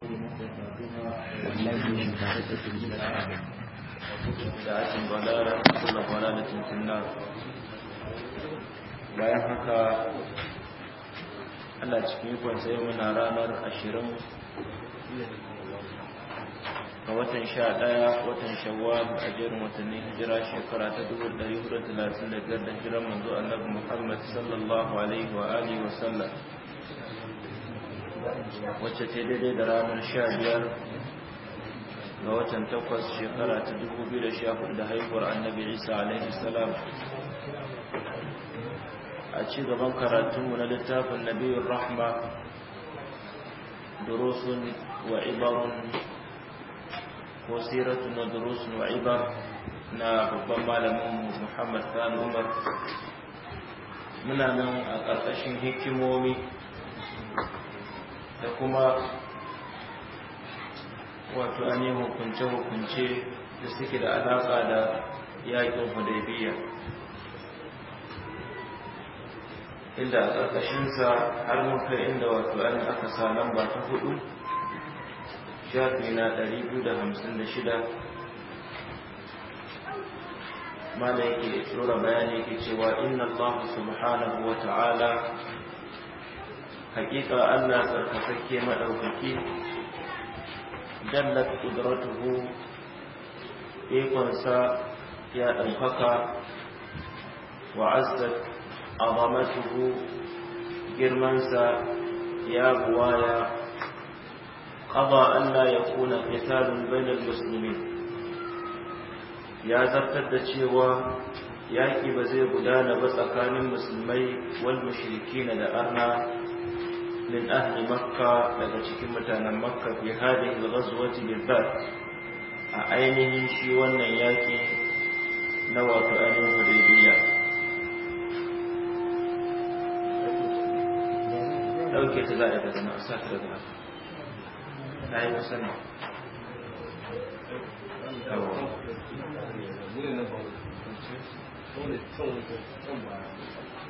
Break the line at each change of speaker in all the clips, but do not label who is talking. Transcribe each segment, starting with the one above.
bayan haka
ana cikin kwanse muna ranar ashirin a watan sha ɗaya watan shawwal a jerin watanni hijira shekara ta dubu ɗari hudu talatin da biyar da hijiran manzo annabi muhammad sallallahu alaihi wa alihi wa sallam
wacce ta daidai da ranar sha biyar
ga watan takwas shekara ta dubu biyu da sha hudu da haihuwar annabi isa alaihi salam
a ci gaban karatunmu
na littafin nabiyun rahma durusun wa ibarun ko siratu wa durusun wa ibar na babban malamin muhammad sani umar muna nan a ƙarƙashin hikimomi da kuma wato an yi hukunce-hukunce da suke da alaƙa da yaƙin hudaybiya inda a sa har muka inda wato an aka sa lamba ta hudu shafina na 256 ma da yake tsora bayani yake cewa inna allahu subhanahu wa ta'ala hakika Allah tsarkakakke maɗaukaki dallat ƙudratuhu ikonsa ya ɗaukaka wa azzat azamatuhu girmansa ya buwaya ƙaba Allah ya kuna fitalun bainar musulmi ya zartar da cewa yaƙi ba zai gudana ba tsakanin musulmai wal mushrikina da arna min ahli makka daga cikin mutanen makka fi hadhihi al-ghazwati a ainihin shi wannan yaki
na wato ainihin hudaybiya yi wasu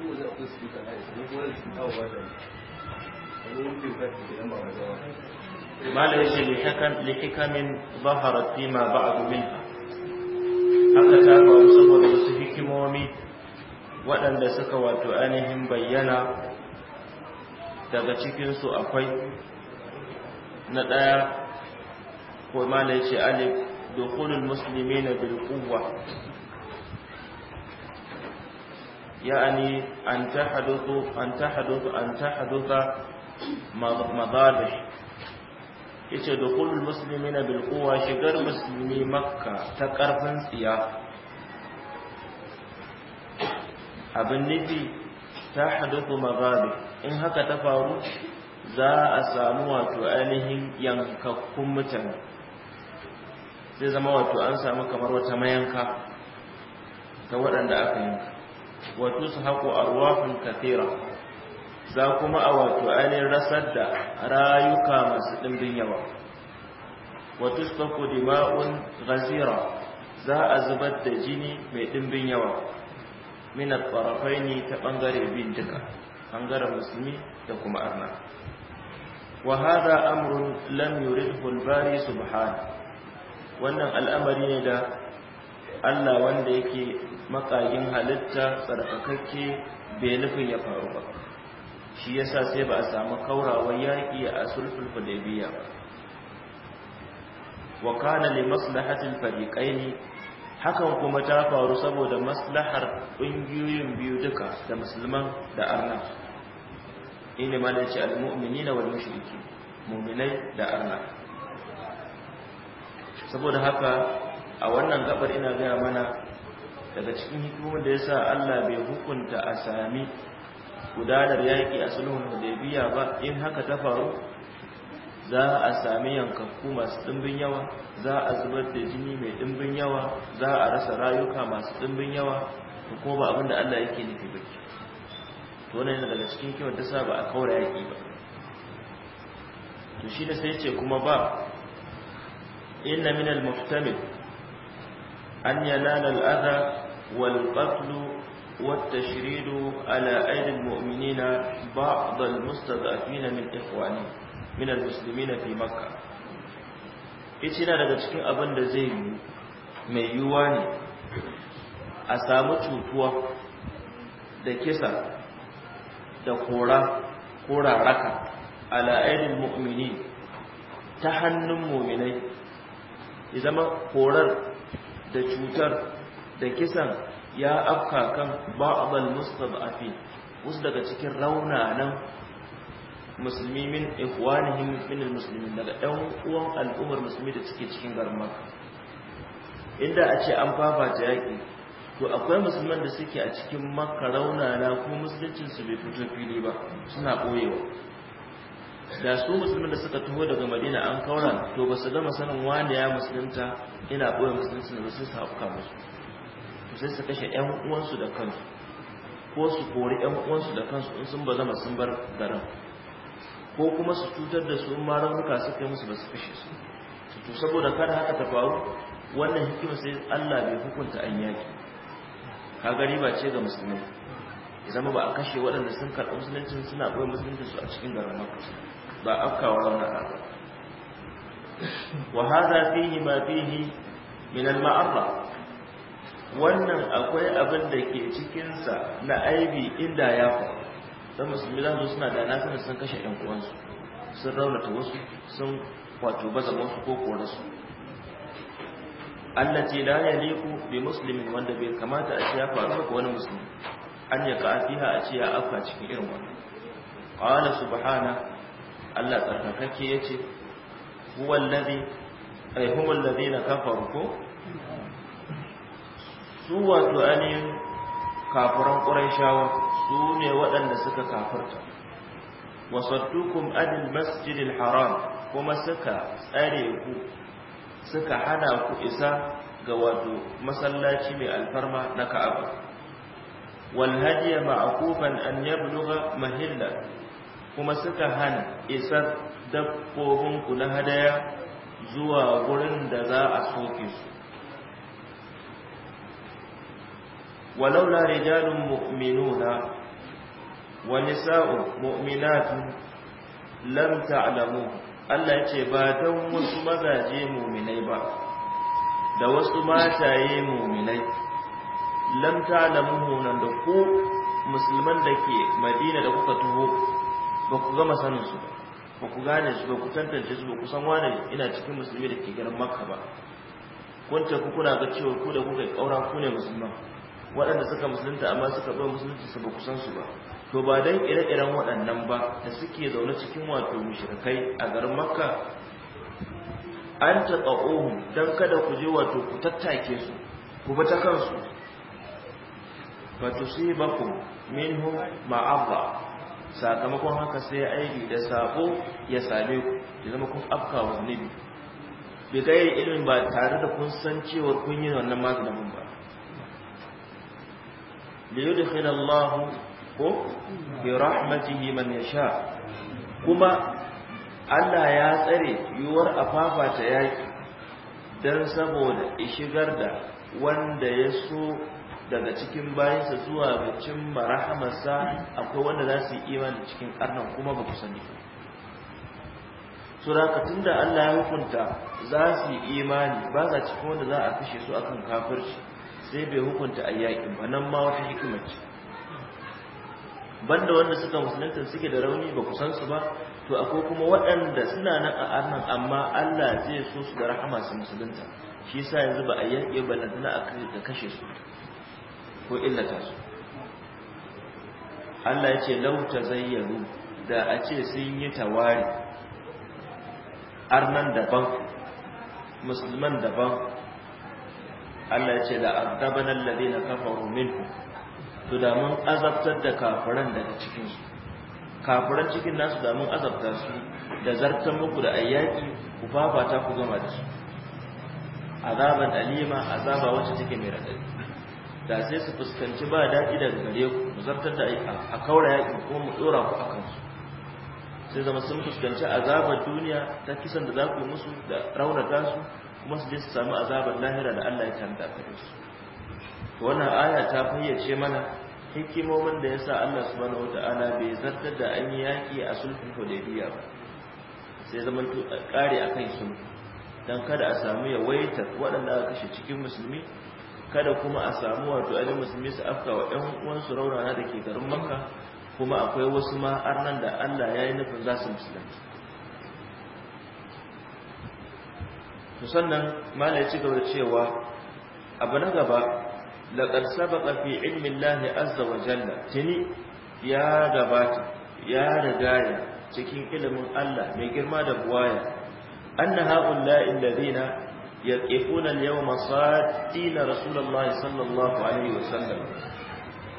malam yace
lihikamin zaharat fima ba'du minha haka ta faru saboda wasu hikimomi waɗanda suka wato ainihin bayyana daga cikinsu akwai na ɗaya ko malam yace alif dukhulul muslimina bil quwwa يعني أن تحدث أن تحدث أن yace da kullum musulmi na bilkowa shigar musulmi makka ta ƙarfin tsiya abin nufi ta hadufu mazabi in haka ta faru za a samu wato ainihin yankakun mutane sai zama wato an samu kamar wata mayanka ta waɗanda aka yi. wa tushaku arwahun kathira za kuma a wato ainihin rasar da rayuka masu ɗimbin yawa wa tushaku dima'un ghazira za a zubar da jini mai ɗimbin yawa minar farafai ne ta ɓangare bin duka ɓangaren musulmi da kuma arna wa hada amrun lam yuridhu al-bari subhanahu wannan al'amari ne da Allah wanda yake makagin halitta tsarkakakke bai nufin ya faru ba shi yasa sai ba a samu kaurawar yaƙi a sulhul hudaybiya ba wa kana li maslahatil hakan kuma ta faru saboda maslahar ƙungiyoyin biyu duka da musulman da arna ina ma da ce al-mu'minina wal mushriki mu'minai da arna saboda haka a wannan gabar ina gaya mana daga cikin hikimar da yasa Allah bai hukunta a sami
gudanar yaƙi a sulhun hudaybiya ba in haka ta faru za a sami yankakku masu ɗimbin yawa za a zubar da jini mai ɗimbin yawa za a rasa rayuka masu ɗimbin yawa
ko kuma ba abinda Allah yake nufi ba to wannan yana daga cikin kyau ta sa ba a kaura yaƙi ba to shi da sai ce kuma ba inna minal muhtamil an yanala al'adha والقتل والتشريد على أيدي المؤمنين بعض المستضعفين من إخواني من المسلمين في مكة ita daga cikin abin da zai yi mai yiwuwa ne a sami cutuwa da kisa da kora ko raraka mu'mini ta hannun muminai ya zama korar da cutar da kisan ya afka kan ba'dal mustad'afin wasu daga cikin raunanan musulmi min ikhwanihim min almuslimin daga ɗan uwan al'ummar musulmi da suke cikin garma inda a ce an fafata yaƙi to akwai musulman da suke a cikin makka raunana ko musuluncin su bai fito fili ba suna ɓoyewa da su musulman da suka taho daga madina an kaura to ba su gama sanin wanda ya musulunta ina ɓoye musulunci da ba sa su hafka musu sai su kashe 'yan uwansu da kansu ko su kori 'yan uwansu da kansu in sun zama sun bar garin ko kuma su cutar da su ma raunuka su kai musu ba su kashe su to saboda kada haka ta faru wannan hikima sai Allah bai hukunta an yaki ka gari ba ce ga musulmai ya zama ba a kashe waɗanda sun karɓi musulunci suna ɓoye musulunci su a cikin garin maka ba afkawa wannan abu wa hada fihi ma fihi min al-ma'arra wannan akwai abin da ke cikinsa na aibi inda ya faru don musulmi za su suna da na sanar sun kashe yan uwansu sun raunata wasu sun wato baza wasu ko kore ce allati la yaliqu bi muslimin wanda bai kamata a ce ya faru ga wani musulmi an ya ka fiha a ce ya afka cikin irin wannan qala subhana Allah tsarkakake yace huwa allazi ay hum allazina kafaru ko su wato ainihin kafiran ƙurayshawa su ne waɗanda suka kafirta wasattukum adil masjidil haram kuma suka tsare ku suka hana ku isa ga wato masallaci mai alfarma na ka'aba wal hadiya an mahilla kuma suka hana isar dabbobinku na hadaya zuwa gurin da za a soke su ولولا رجال مؤمنون ونساء مؤمنات لم تعلموا Allah ce ba don wasu mazaje muminai ba da wasu mataye muminai lam ta'lamu nan da ku musulman da ke Madina da kuka tuho ba ku gama sanin su ba ba ku gane su ba ku tantance su ba ku san wane ina cikin musulmi da ke garin Makka ba kun ku kuna ga cewa ku da kuka kaura ku ne musulman waɗanda suka musulunta amma suka bar musulunci su ba kusan su ba to ba dan ire-iren waɗannan ba da suke zaune cikin wato mushrikai a garin makka an taɓa ohun don kada ku je wato ku tattake su ku bi ta kansu ba tu minhu ma'abba sakamakon haka sai aiki da sabo ya same ku ya zama kun afka wa nabi bai gairi ilimin ba tare da kun san cewa kun yi wannan maganin ba liyudkhil Allah ko bi rahmatihi man yasha kuma Allah ya tsare yuwar afafa ta yaki dan saboda ishigar da wanda ya so daga cikin bayansa zuwa ga cimma rahamarsa akwai wanda za su yi imani cikin karnan kuma ba ku sani suraka tunda Allah ya hukunta za su yi imani ba za cikin wanda za a kashe su akan kafirci sai bai hukunta a yaƙin ba nan ma wata hikimar banda wanda suka musulunta suke da rauni ba kusan su ba to akwai kuma waɗanda suna nan a arnan amma Allah zai so su da rahama su musulunta shi sa yanzu ba a yaƙi ba na tana a kashe su ko illata su Allah ya ce lauta zayyaru da a ce sun yi tawari arnan daban musulman daban Allah ya ce da azabana alladhina kafaru minhu to da mun azabtar da kafiran daga cikin su kafiran cikin nasu da mun azabta su da zartan muku da ayyaki ku fafata ku gama da su azaban alima azaba wacce take mai radadi da sai su fuskanci ba daɗi daga gare ku mu zartar da aika a kaura yaƙi ko mu ɗora ku a kansu sai zama sun fuskanci azabar duniya ta kisan da za ku yi musu da raunata su kuma su je su samu azabar lahira da Allah ya tanda gare su wannan aya ta fayyace mana hikimomin da yasa Allah subhanahu wataala bai zartar da an yi yaki a sulhul hudaybiya ba sai zaman to kare akan sulhu dan kada a samu yawaita waɗanda aka kashe cikin musulmi
kada kuma a samu wato ainihin musulmi su afka wa ‘yan uwansu raunana da ke garin makka kuma akwai wasu ma'arnan da allah ya yi nufin
za su musulunci to sannan malai ya ci gaba da cewa abu na gaba laqad sabaqa fi ilmi llahi azza wa jalla tini ya gabata ya rigaya cikin ilimin Allah mai girma da buwaya anna haula'i alladhina yaqifuna al sadina rasulullahi sallallahu alaihi wa sallam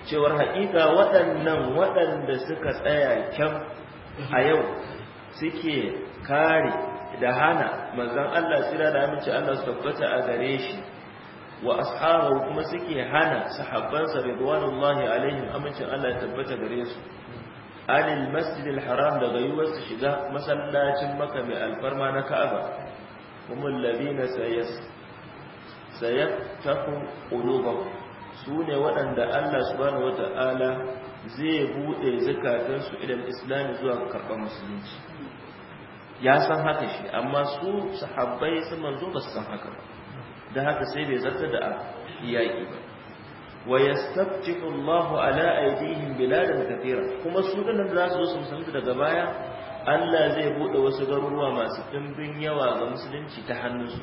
cewar haƙiƙa waɗannan waɗanda suka tsaya kyam a yau suke kare da hana manzan Allah sira da aminci Allah su tabbata a gare shi
wa ashabu kuma suke hana sahabbansa ridwanullahi alaihim amincin Allah ya tabbata gare
su anil masjidil haram daga yiwuwar su shiga masallacin maka mai alfarma na ka'aba kuma ladina sayas sayaftahu qulubahum su ne waɗanda Allah subhanahu wata'ala zai buɗe zakatansu idan islami zuwa karɓar musulunci ya san haka shi amma su sahabbai sun manzo ba su san haka ba da haka sai bai zartar da iyaki ba wa yastabtiqu Allahu ala aydihim biladan kathira kuma su nan da su zo su musulunci daga baya Allah zai bude wasu garuruwa masu dimbin yawa ga musulunci ta su.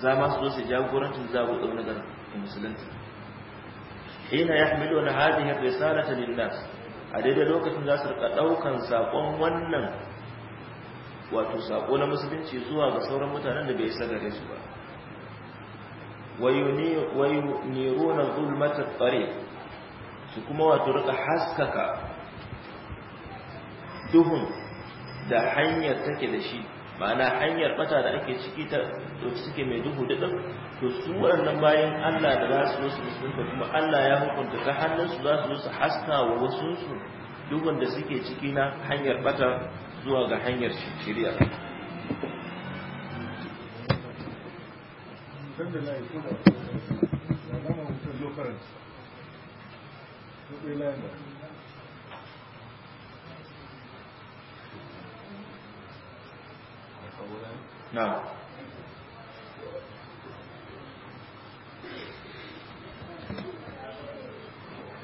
za ma su zo su jagorancin zabu ɗaunar musulunci hina yahmiluna hadhihi risalata lin nas a daidai lokacin za su rika daukan sakon wannan wato sako na musulunci zuwa ga sauran mutanen da bai isa gare su ba wayuniruna zulmata tsare su kuma wato rika haskaka duhun da hanyar take da shi ma'ana hanyar bata da ake ciki ta suke mai duhu duka
to su waɗannan bayan Allah da za su
su kuma Allah ya hukunta ta hannunsu za su su haska wa wasu su duhun da suke ciki na hanyar bata zuwa ga hanyar shirya
Thank you. na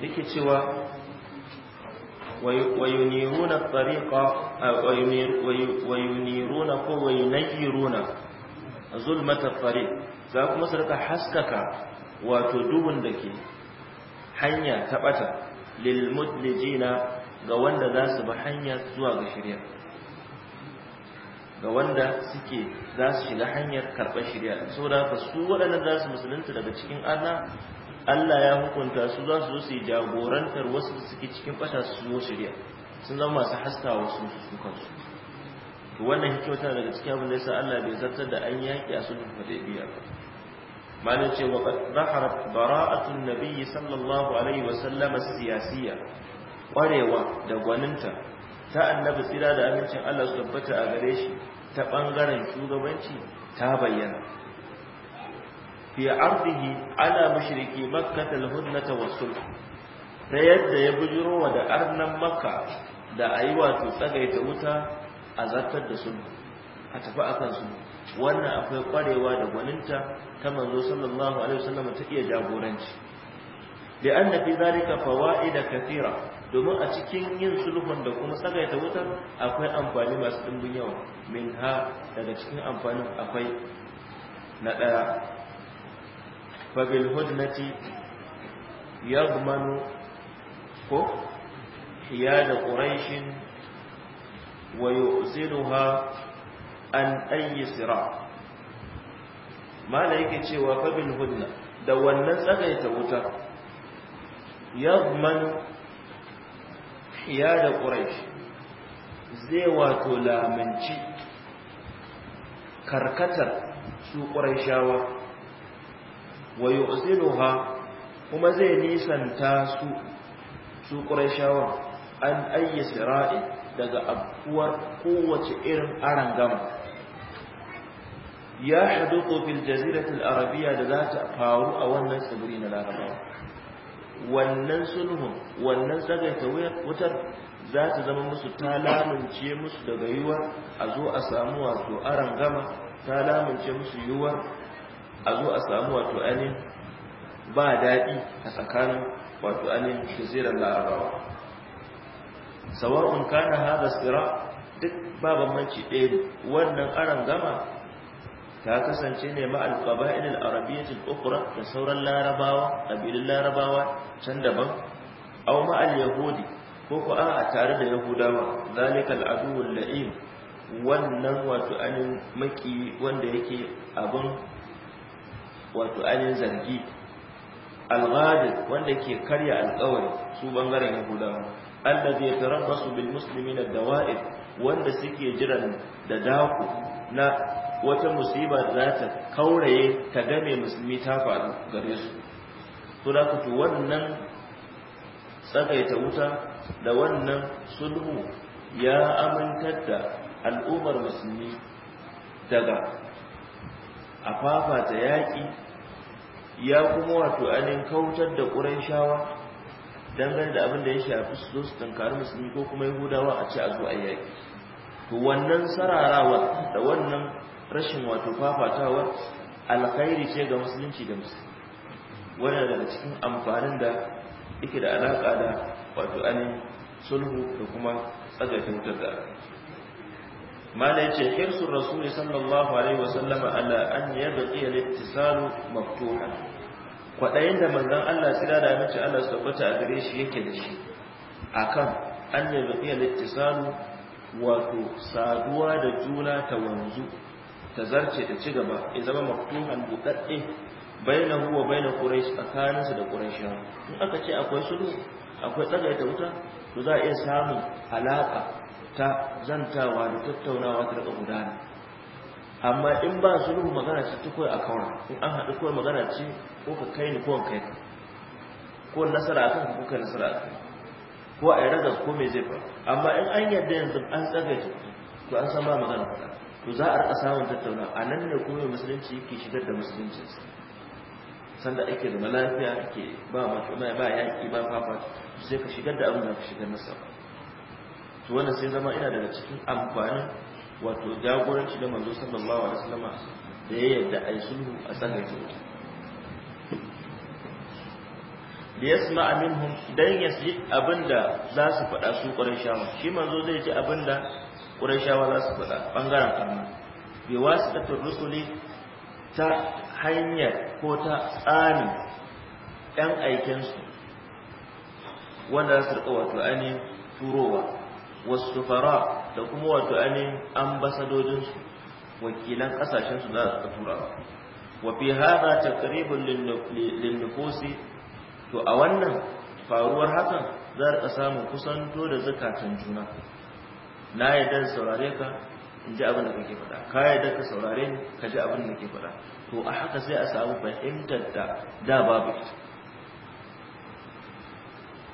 yake cewa wayuniruna tariqa wayuniruna ko wayunayiruna zulmata tariq za kuma su rika haskaka wato duhun da ke hanya ta bata lil ga wanda za su bi hanya zuwa ga shirya ga wanda suke za su shiga hanyar karɓar shirya da haka su waɗannan za su musulunta daga cikin Allah Allah ya hukunta su za su zo su yi jagorantar wasu da suke cikin ɓata su zo shirya sun zama masu haska wasu su kansu to wannan hikimta daga cikin abin da ya sa Allah bai zartar da an yaƙi a sulhul hudaybiya ba malin ce wa zaharat bara'atun nabiyyi sallallahu alaihi wa sallama siyasiya ƙwarewa da gwaninta ta annabi tsira da amincin Allah su tabbata a gare shi ta ɓangaren shugabanci ta bayyana fi ardihi ala mushriki makkah wa wasul ta yadda ya bujiro wa da arnan makka da ayi wato tsagaita wuta a zartar da sunna a tafi akan sunna wannan akwai kwarewa da gwaninta ta manzo sallallahu alaihi wasallam ta iya jagoranci da anna fi zalika fawaida kafira. domin a cikin yin sulhun da kuma tsagaita wutar akwai amfani masu dimbin yawa min ha daga cikin amfanin akwai na ɗaya fabil hudnati ya gumanu ko ya da ƙuraishin wa yuzinuha an ɗanyi sira mala yake cewa fabil hudna da wannan tsagaita wuta ya gumanu ya da quraish zai wato lamanci karkatar su ƙuraishawa wa ha, kuma zai nisanta su su ƙuraishawa an ayyar sira'i daga abuwar kowace irin gama. ya haduku fil jaziratul Arabiya da za ta faru a wannan tsibiri na larabawa wannan sulhun wannan tsagaita wutar za ta zama musu ta lamunce musu daga yiwuwa a zo a samu wato aran gama ta lamunce musu yiwuwa a zo a samu wato ainihin ba daɗi a tsakanin wato ainihin jazirar larabawa sawa'un kana hada tsira duk babban manci ɗaya wannan aran gama ta kasance ne ma al al-arabiyyah al da sauran larabawa kabilun larabawa can daban aw ma al-yahudi ko ko a tare da yahudawa zalika al-adu laim wannan wato anin maki wanda yake abin wato anin zargi al-ghadir wanda ke karya alƙawari su bangaren yahudawa allazi yatarabbasu bil muslimina dawa'id wanda suke jiran da dako na wata musiba za ta kauraye ta game musulmi ta faru gare su to da kutu wannan tsakaita wuta da wannan sulhu ya amintar da al'ummar musulmi daga a fafata yaƙi ya kuma wato anin kautar da ƙuran shawa dangane da abin da ya shafi su zo su tankari musulmi ko kuma yahudawa a ci a zo a yaƙi to wannan sararawa da wannan rashin wato fafatawar alkhairi ce ga musulunci da musulunci. wannan daga cikin amfanin da yake da alaka da wato anin sulhu da kuma tsagaita wutar da mala yace hirsu rasul sallallahu alaihi wasallama ala an yabqi al-ittisal maftuha kwadayin da manzon Allah tsira da mace Allah tabbata a gare shi yake da shi akan an yabqi al-ittisal wato saduwa da juna ta wanzu ta zarce ta ci gaba ya zama maktuhan buɗaɗɗe bainahu wa bainal quraish tsakaninsa da shi in aka ce akwai sulhu akwai tsagaita wuta to za a iya samun alaƙa ta zantawa da tattaunawa ta daga gudana amma in ba sulhu magana ce ta koyi a kawar in an haɗu koyi magana ce ko ka kai ni ko kai ko nasara kan ko kai nasara akan ko a yi ragas ko me zai faru amma in an yadda yanzu an tsagaita to an san ba magana faɗa to za a rika samun tattauna a nan ne kuma musulunci yake shigar da musulunci sanda ake zama lafiya ake ba matsalai ba yaƙi ba fafa sai ka shigar da abin da ka shigar nasa to wannan sai zama ina daga cikin amfanin wato jagoranci da manzo sallallahu alaihi wasallama da ya yarda yi sulhu a tsakanin su liyasma minhum dan abin abinda za su faɗa su ƙwarin shawa shi manzo zai ji abinda ƙurashawa za su faɗa ɓangaren annabi bi wasitatir rusuli ta hanyar ko ta tsarin ɗan aikensu wanda za su riƙa wato ainihin turowa wasu sufara da kuma wato ainihin ambasadodinsu wakilan ƙasashensu za su turawa wa fi haɗa ƙaribin linnufosi to a wannan faruwar hakan za a samun kusanto da zukatan juna na yadda saurare ka in ji abin da kake faɗa ka yadda ka saurare ni ka ji abin da ke faɗa to a haka sai a samu fahimtar da da babu ita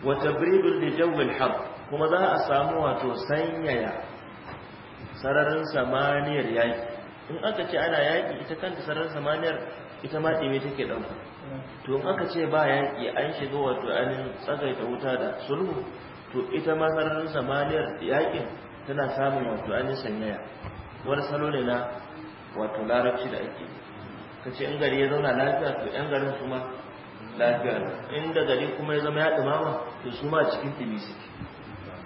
wa tabridul li jawil hab kuma za a samu wato sanyaya sararin samaniyar yaki in aka ce ana yaki ita kanta sararin samaniyar ita ma ɗime take ɗauka to in aka ce ba yaki an shiga wato an tsagaita wuta da sulhu to ita ma sararin samaniyar yakin tana samun wato ainihin sanyaya wani salo ne na wato larabci da ake ka ce in gari ya zauna lafiya to yan garin su ma lafiya ne inda gari kuma ya zama ya dumama to su ma cikin dumi suke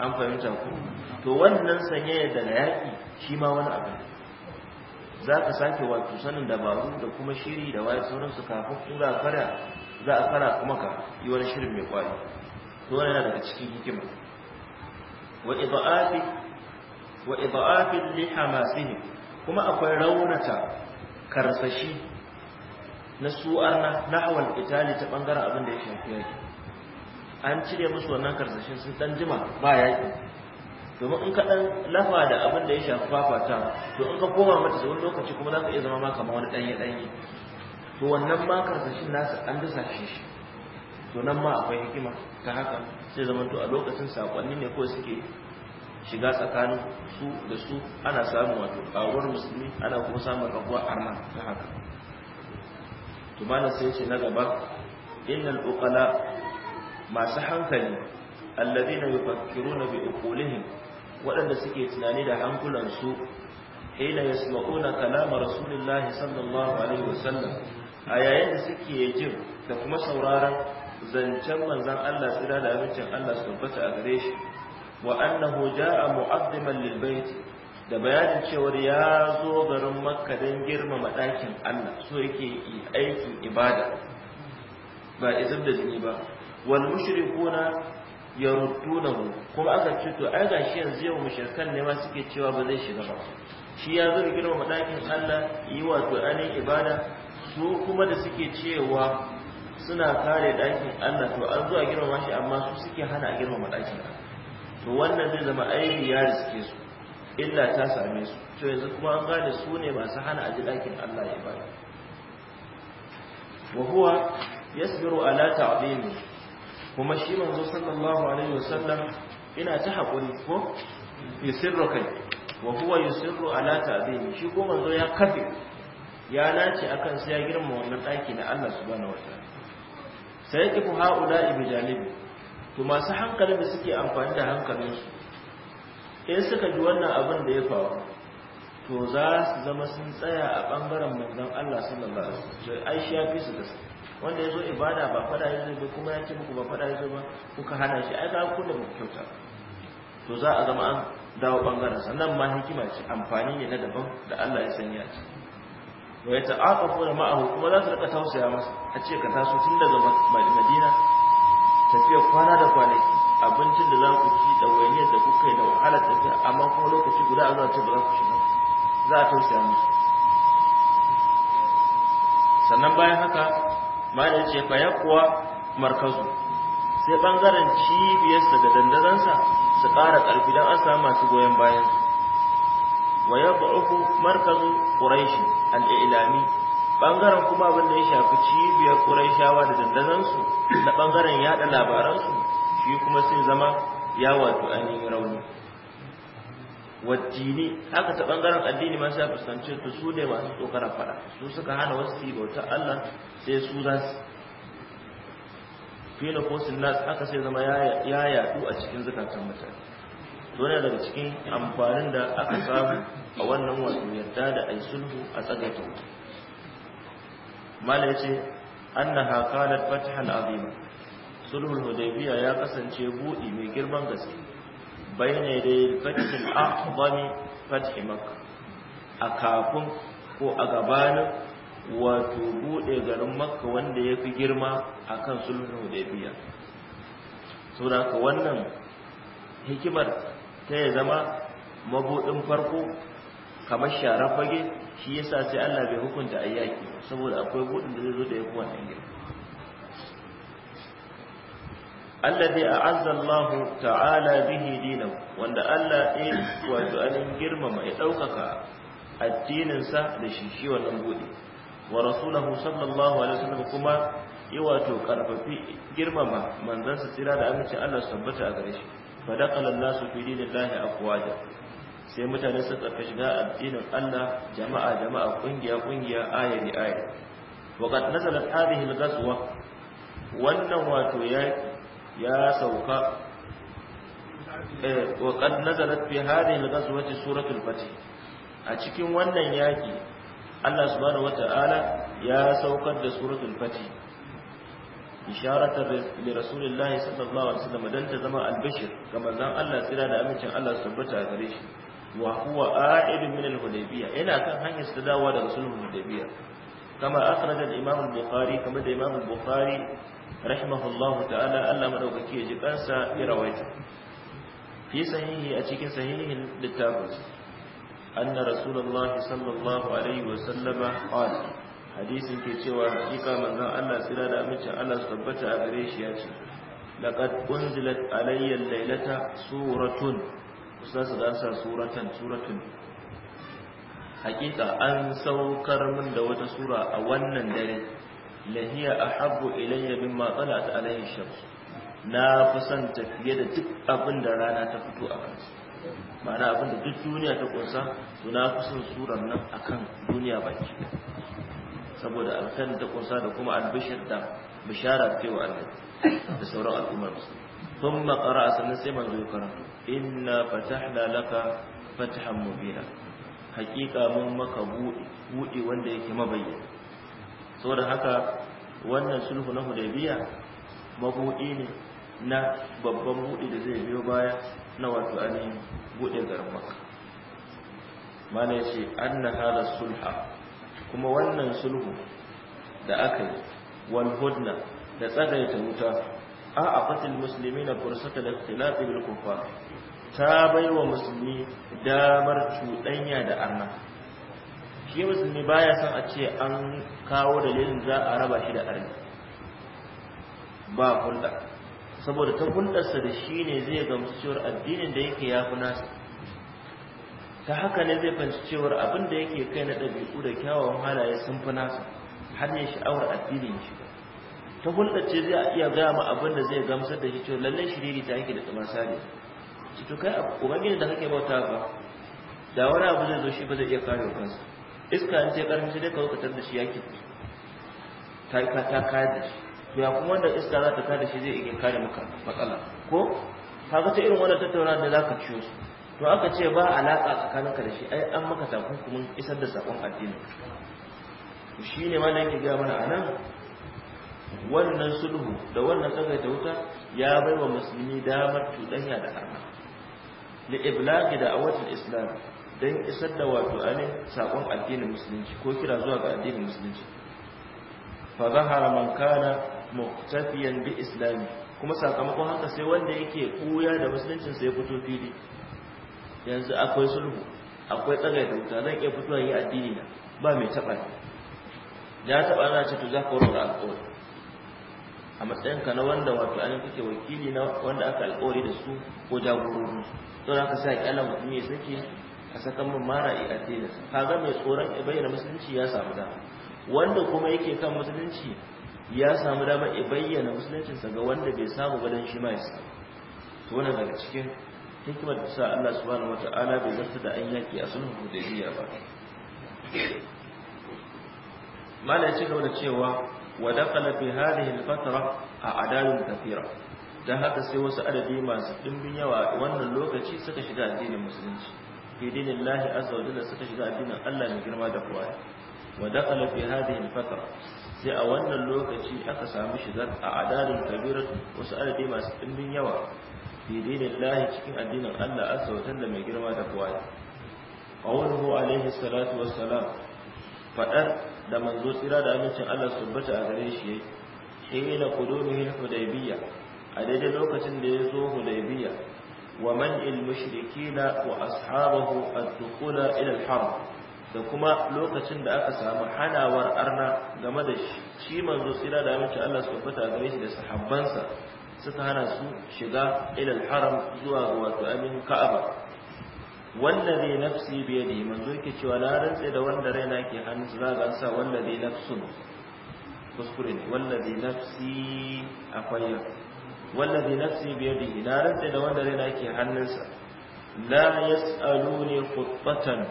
an fahimta ku to wannan sanyaya daga yaƙi shi ma wani abu ne za ka sake wato sanin dabaru da kuma shiri da wayar sauransu kafin in za a fara za a fara kuma ka yi wani shirin mai kwari to wani yana daga cikin hikima wa ibaati wa masu lihamasihim kuma akwai raunata karsashi na su'ar na nahawar itali ta bangaren abin da ya shafi yaki an cire musu wannan karsashin sun dan jima ba yaƙi. domin in ka dan lafa da abin da ya shafi fafata to in ka koma mata wani lokaci kuma za ka iya zama ma kamar wani danye danye to wannan ma karsashin nasa, an dasa shi to nan ma akwai hikima ta haka sai zama to a lokacin sakonni ne ko suke shiga tsakanin su da su ana samun wato ƙaruwar musulmi ana kuma samun rabuwa arna ta haka tumanin sai ce na gaba inal uqala masu hankali na alladhina na bi waɗanda suke tunani da hankulansu hina na kalama rasulillahi sallallahu alaihi wasallam a yayin da suke jin da kuma sauraron zancen manzan Allah tsira da abincin Allah su tabbata a gare shi wa annahu ja'a mu'azziman lil bait da bayanin cewar ya zo garin makka don girmama ɗakin allah so yake aikin ibada ba izin da jini ba wal mushrikuna mu? kuma aka ce to ai gashi yanzu yau mushrikan ne ma suke cewa ba zai shiga ba shi ya zo girmama ɗakin allah yi wato ainihin ibada su kuma da suke cewa suna kare ɗakin allah to an zo a girmama shi amma su suke hana a girmama ɗakin allah to wannan zai zama aiki ya riske su illa ta same su to yanzu kuma an gane su ne masu hana a ji ɗakin Allah ya bari wa huwa yasbiru ala ta'dimi kuma shi manzo sallallahu alaihi wasallam ina ta haƙuri ko yusirru kai wa huwa yusirru ala ta'dimi shi ko manzo ya kafe ya nace akan sai ya girma wannan ɗaki na Allah subhanahu ta'ala sai ki ibu haula janibi to masu hankalin da suke amfani da shi in suka ji wannan abin da ya faru to za su zama sun tsaya a ɓangaren manzan Allah sallallahu alaihi su ai shi ya fi su su wanda ya zo ibada ba fada ya zo kuma ya ce muku ba fada ya zo ba kuka hana shi ai ka da ba kyauta to za a zama an dawo bangaren sannan ma hikima ce amfani ne na daban da Allah ya sanya ce wa ya ta'aqafu da ma'ahu kuma za su rika tausaya masa a ce ka taso tun daga Madina tafiya kwana da kwanaki abincin da za ku ci da wayaniyar da kuka yi da wahalar tafiya amma kuma lokaci guda a zuwa ba za ku shiga za a tausaya musu sannan bayan haka malam ce fa yakuwa markazu sai bangaren cibiyarsa da dandazansa su ƙara ƙarfi don an samu masu goyon bayan wa wa yabu'u markazu ƙurashi, al bangaren kuma abin da ya shafi cibiyar shawa da dandazansu na bangaren yada labaransu shi kuma sai zama ya wato ainihin rauni wajini haka ta bangaren addini ma sai fuskanci ta su ne masu tsokara fada su suka hana wasu su bautar Allah sai su za su fina ko nas haka sai zama ya yadu a cikin zukatan mutane to ne daga cikin amfanin da aka samu a wannan wato yarda da ai sulhu a tsagaita mala yace annaha qalat fathan azima sulhul hudaybiya ya kasance buɗi mai girman gaske bayne da fathil a'zami fathi makka a kafin ko a gabanin wato buɗe garin makka wanda ya fi girma akan sulhul hudaybiya saboda wannan hikimar ta ya zama mabuɗin farko kamar sharar fage shi yasa sai Allah bai hukunta ayyaki saboda akwai gudun da zai zo da yafi wannan girma dai a'azza Allah ta'ala bihi dinahu wanda Allah ya wato anin girmama ya daukaka addinin sa da shi shi wannan gudi wa rasulahu sallallahu alaihi wasallam kuma ya wato karfafi girmama manzansa, tsira da amince Allah tabbata a gare shi
fa dakala nasu fi dinillahi afwaja sai mutane su tsarka shiga addinin Allah jama'a jama'a kungiya kungiya aya bi aya waqad nazalat hadhihi al-ghazwa
wannan wato ya ya sauka eh, waqad nazalat fi hadhihi al ghazwa suratul fati a cikin wannan yaki Allah subhanahu wata'ala ya saukar da suratul fath
isharatan li rasulillahi sallallahu alaihi wasallam dan ta zama albishir ga manzon Allah tsira da amincin Allah su tabbata gare shi Wahuwa huwa
a'id min al-hudaybiyya yana kan hanyar sa dawowa daga sulhul hudaybiyya kama akhraj al-imam al-bukhari kama da imam al-bukhari rahimahullahu ta'ala Allah maɗaukaki ya ji kansa ya rawaita fi sahihi a cikin sahihin littafin anna rasulullahi sallallahu alaihi wa sallama qala hadisin ke cewa hakika manzon Allah tsira da amincin Allah su tabbata a gare shi ya ce laqad unzilat alayya al-laylata suratun kusa su sa suratan suratun hakika an saukar min da wata sura a wannan dare lahiya ahabbu ilayya mimma talat alayhi shams na kusan tafiye da duk abin da rana ta fito a kansa ma'ana abin da duk duniya ta kunsa to na kusan surar nan akan duniya baki saboda alkan ta kunsa da kuma albishir da bishara ta yi wa Allah da sauran al'ummar musulmi kuma qara'a sannan sai manzo ya karanta inna fatahna laka fatahan mubina hakika mun maka buɗe wanda yake mabayyana saboda haka wannan sulhu na hudaybiya mabuɗi ne na babban buɗe da zai biyo baya na wato ani buɗe garin makka mana yace anna hada sulha kuma wannan sulhu da aka yi hudna da tsagaita wuta a a fatil musulmi na fursata da tilafi bil kuffar ta baiwa musulmi damar cuɗanya da arna shi musulmi baya son a ce an kawo dalilin za a raba shi da arna ba hulɗa saboda ta hulɗarsa da shi ne zai gamsu cewar addinin da yake ya fi nasa ta haka ne zai fanci cewar abin da yake kai na ɗabi'u da kyawawan halaye sun fi nasa har ne sha'awar addinin shi ta hulɗar ce zai iya gama abin da zai gamsar da shi cewar lallai shiriri ta yake da tsamar sare ci to kai ubangiji da kake bauta ba da wani abu zai zo shi ba zai iya kare kansa iska an ce karfi sai dai ka wukatar da shi ya kifi ta ka ta kare da shi to ya kuma wanda iska za ta kare shi zai iya kare maka matsala ko ka ga ta irin wannan tattauna da zaka ciyo su to aka ce ba alaka ka da shi ai an maka takunkumin isar da sakon addini to shine ma da yake ga mana anan wannan sulhu da wannan tsagaita wuta ya bai wa musulmi damar cuɗanya da arna da iblaqi da'awatul islam dan isar da wato ne sakon addinin musulunci ko kira zuwa ga addinin musulunci fa zahara man kana muqtafiyan bi islami kuma sakamakon haka sai wanda yake kuya da musuluncin sai fito fili yanzu akwai sulhu akwai tsagai da wuta zan iya fitowa yi addini na ba mai taba ya taba na ce to za ka warware alƙawari a matsayinka na wanda wato an kake wakili na wanda aka alƙawari da su ko jagorori to za ka sa ƙyala mutum ya sake a sakan min mara a tilas kaga mai tsoron ya bayyana musulunci ya samu dama wanda kuma yake kan musulunci ya samu dama ya bayyana musuluncinsa ga wanda bai samu ba dan shi ma ya samu to wannan daga cikin hikimar da sa Allah subhanahu wataala bai zarta da an yaki a sulhul hudaybiyya ba mala ya ci gaba da cewa wa dakala fi hadhihi al-fatra a'adadun kathira dan haka sai wasu adadi masu ɗimbin yawa a wannan lokaci suka shiga addinin musulunci fi dinillahi azza wa jalla suka shiga addinin Allah mai girma da kuwa wa dakala fi hadhihi al-fatra sai a wannan lokaci aka samu shigar a a'adadun kabira wasu adadi masu ɗimbin yawa fi dinillahi cikin addinin Allah azza wa jalla mai girma da kuwa qawluhu alaihi salatu wassalam fadar da manzo tsira da amincin Allah tabbata a gare shi
yayi hina qudumihi hudaybiyya
a daidai lokacin da ya zo hudaybiyya wa man il mushrikina wa ashabahu ad-dukhul ila al-haram da kuma lokacin da aka samu hanawar arna game da shi manzo tsira da amincin Allah tabbata a gare shi da sahabbansa suka hana su shiga ila al-haram zuwa ga wato amin ka'aba wanda zai nafsi biye da manzo yake cewa na rantse da wanda raina ke hannu su zaga sa wanda zai nafsu kuskure ne wanda zai nafsi akwai yau wanda zai nafsi biye da na rantse da wanda raina ke hannunsa la yas'aluni khutbatan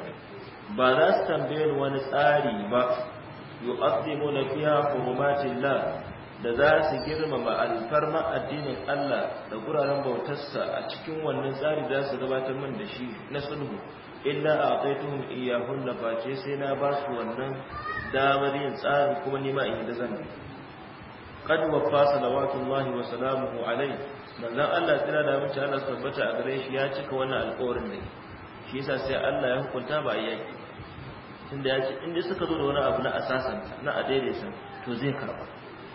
ba za su tambaye wani tsari ba kuma matin hurumatillah da za su girmama alfarma addinin Allah da guraren bautarsa a cikin wannan tsari za su gabatar min da shi na sulhu illa a taituhun iyahun da face sai na ba su wannan damar yin tsarin kuma nima in yi da zan fasa da salawatun lahi wa alai manzan Allah tsira da mace Allah tabbata a gare shi ya cika wannan alƙawarin ne shi yasa sai Allah ya hukunta ba yaki tunda ya ce inda suka zo da wani abu na asasan na a to zai karba